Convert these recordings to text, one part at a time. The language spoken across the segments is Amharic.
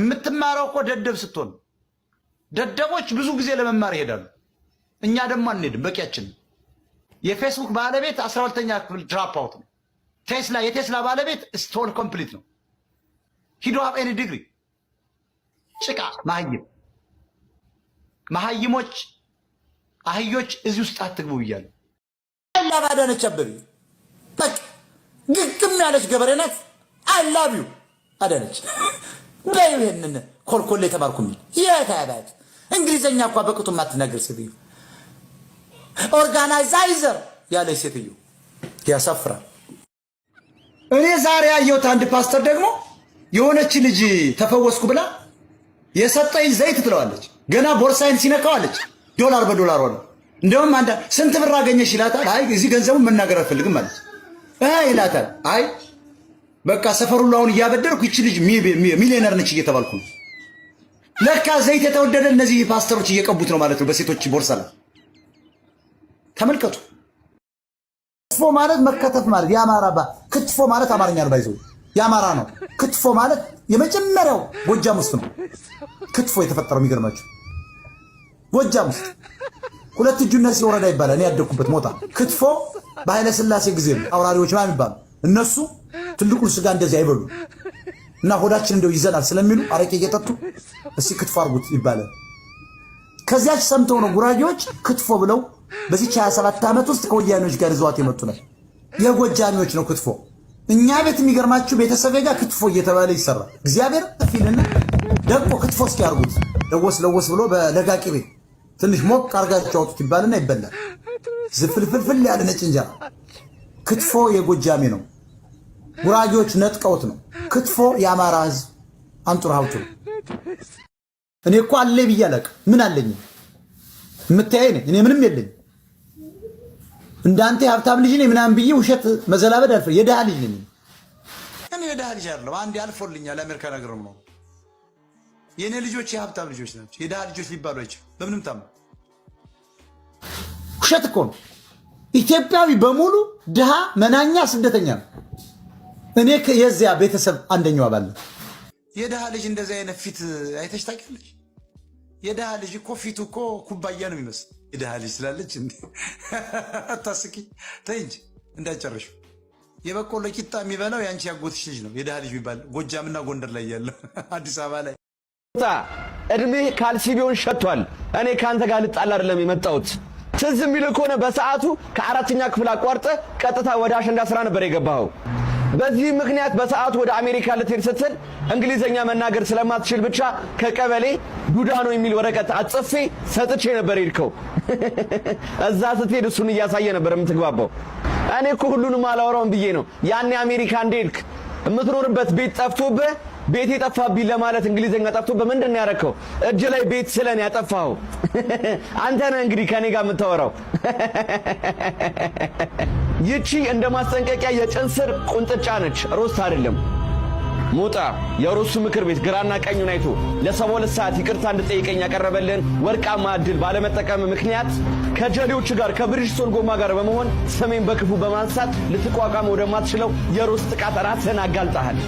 የምትማረው እኮ ደደብ ስትሆን፣ ደደቦች ብዙ ጊዜ ለመማር ይሄዳሉ። እኛ ደግሞ አንሄድም፣ በቂያችን። የፌስቡክ ባለቤት አስራ ሁለተኛ ክፍል ድራፕ አውት ነው። ቴስላ የቴስላ ባለቤት ስቶል ኮምፕሊት ነው። ሂዶ ሀብ ኤኒ ዲግሪ ጭቃ መሀይም መሀይሞች አህዮች እዚህ ውስጥ አትግቡ እያሉ አላብ አዳነች አበቤ በቃ ግግም ያለች ገበሬ ናት። አላቢው ላቭ አዳነች። በዩ ይህንን ኮልኮል የተባልኩ የሚል የታባት እንግሊዘኛ እኳ በቅጡ ማትናገር ሴትዮ ኦርጋናይዛይዘር ያለ ሴትዮ ያሳፍራል። እኔ ዛሬ ያየሁት አንድ ፓስተር ደግሞ የሆነች ልጅ ተፈወስኩ ብላ የሰጠኝ ዘይት ትለዋለች። ገና ቦርሳይን ሲነካዋለች ዶላር በዶላር ሆነ። እንደውም አንዳ ስንት ብር አገኘሽ ይላታል። አይ እዚህ ገንዘቡ መናገር አልፈልግም አለች። ይላታል አይ በቃ ሰፈሩ አሁን እያበደርኩ ይቺ ልጅ ሚሊዮነር ነች እየተባልኩ ነው። ለካ ዘይት የተወደደ እነዚህ ፓስተሮች እየቀቡት ነው ማለት ነው። በሴቶች ቦርሳ ላይ ተመልከቱ። ክትፎ ማለት መከተፍ ማለት የአማራ ክትፎ ማለት አማርኛ ነው። ባይዘው የአማራ ነው። ክትፎ ማለት የመጀመሪያው ጎጃም ውስጥ ነው ክትፎ የተፈጠረው። የሚገርማችሁ ጎጃም ውስጥ ሁለት እጁ እነዚህ ወረዳ ይባላል። እኔ ያደግኩበት ሞታ ክትፎ በኃይለስላሴ ጊዜ አውራሪዎች ማ የሚባሉ እነሱ ትልቁን ስጋ እንደዚህ አይበሉ እና ሆዳችን እንደው ይዘናል ስለሚሉ አረቄ እየጠጡ እስኪ ክትፎ አርጉት ይባላል። ከዚያች ሰምተው ነው ጉራጌዎች ክትፎ ብለው በዚች 27 ዓመት ውስጥ ከወያኔዎች ጋር ይዘዋት ነው። የጎጃሚዎች ነው ክትፎ። እኛ ቤት የሚገርማችሁ ቤተሰቤ ጋር ክትፎ እየተባለ ይሰራል። እግዚአብሔር ፊልና ደግሞ ክትፎ እስኪ ያርጉት ለወስ ለወስ ብሎ በለጋ ቅቤ ትንሽ ሞቅ አርጋቸው አውጡት ይባልና ይበላል። ዝፍልፍልፍል ያለ ነጭ እንጀራ ክትፎ የጎጃሜ ነው። ጉራጌዎች ነጥቀውት ነው። ክትፎ የአማራ ህዝብ አንጡር ሀብቱ ነው። እኔ እኮ አለ ብዬ አላውቅም። ምን አለኝ የምታይ ነ እኔ ምንም የለኝ። እንዳንተ የሀብታም ልጅ ነኝ ምናምን ብዬ ውሸት መዘላበድ አልፈ የድሃ ልጅ ነኝ። እኔ የድሃ ልጅ አይደለም። አንድ አልፎልኛል። ለአሜሪካ ነገርም ነው። የእኔ ልጆች የሀብታም ልጆች ናቸው። የድሃ ልጆች ሊባሉ አይችልም በምንም ታም። ውሸት እኮ ነው። ኢትዮጵያዊ በሙሉ ድሃ፣ መናኛ፣ ስደተኛ ነው። እኔ የዚያ ቤተሰብ አንደኛው አባል ነው። የድሃ ልጅ እንደዚህ አይነት ፊት አይተሽ ታውቂያለሽ? የድሃ ልጅ እኮ ፊቱ እኮ ኩባያ ነው የሚመስል። የድሃ ልጅ ስላለች አታስቂ ተይ እንጂ እንዳጨረሹ የበቆሎ ቂጣ የሚበላው የአንቺ ያጎትሽ ልጅ ነው የድሃ ልጅ የሚባል ጎጃምና ጎንደር ላይ ያለው አዲስ አበባ ላይ እድሜ ካልሲ ሸቷል። እኔ ከአንተ ጋር ልጣል አይደለም የመጣሁት። ትዝ የሚል ከሆነ በሰዓቱ ከአራተኛ ክፍል አቋርጠ ቀጥታ ወደ አሸንዳ ስራ ነበር የገባኸው። በዚህ ምክንያት በሰዓት ወደ አሜሪካ ልትሄድ ስትል እንግሊዘኛ መናገር ስለማትችል ብቻ ከቀበሌ ዱዳኖ የሚል ወረቀት አጽፌ ሰጥቼ ነበር ሄድከው። እዛ ስትሄድ እሱን እያሳየ ነበር የምትግባባው። እኔ እኮ ሁሉንም አላወራውም ብዬ ነው ያኔ አሜሪካ እንደሄድክ የምትኖርበት ቤት ጠፍቶብህ ቤት የጠፋብኝ ለማለት እንግሊዝኛ ጠፍቶ በምንድን ነው ያረከው? እጅ ላይ ቤት ስለን ያጠፋው አንተ ነህ። እንግዲህ ከኔ ጋር የምታወራው ይቺ እንደ ማስጠንቀቂያ የጭንስር ቁንጥጫ ነች፣ ሮስት አይደለም። ሞጣ የሩሱ ምክር ቤት ግራና ቀኙን አይቶ ለሰባ ሁለት ሰዓት ይቅርታ እንድጠይቀኝ ያቀረበልን ወርቃማ እድል ባለመጠቀም ምክንያት ከጀሌዎች ጋር ከብሪጅስቶን ጎማ ጋር በመሆን ስሜን በክፉ በማንሳት ልትቋቋም ወደማትችለው የሩስ ጥቃት ራስህን አጋልጠሃል።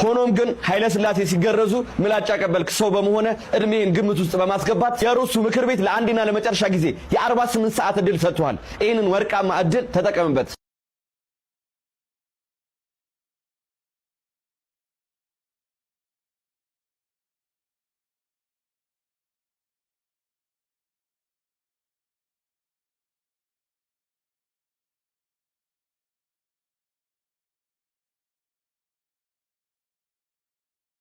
ሆኖም ግን ኃይለ ሥላሴ ሲገረዙ ምላጭ ያቀበልክ ሰው በመሆነ እድሜን ግምት ውስጥ በማስገባት የሩሱ ምክር ቤት ለአንዴና ለመጨረሻ ጊዜ የ48 ሰዓት እድል ሰጥቷል። ይህንን ወርቃማ እድል ተጠቀምበት።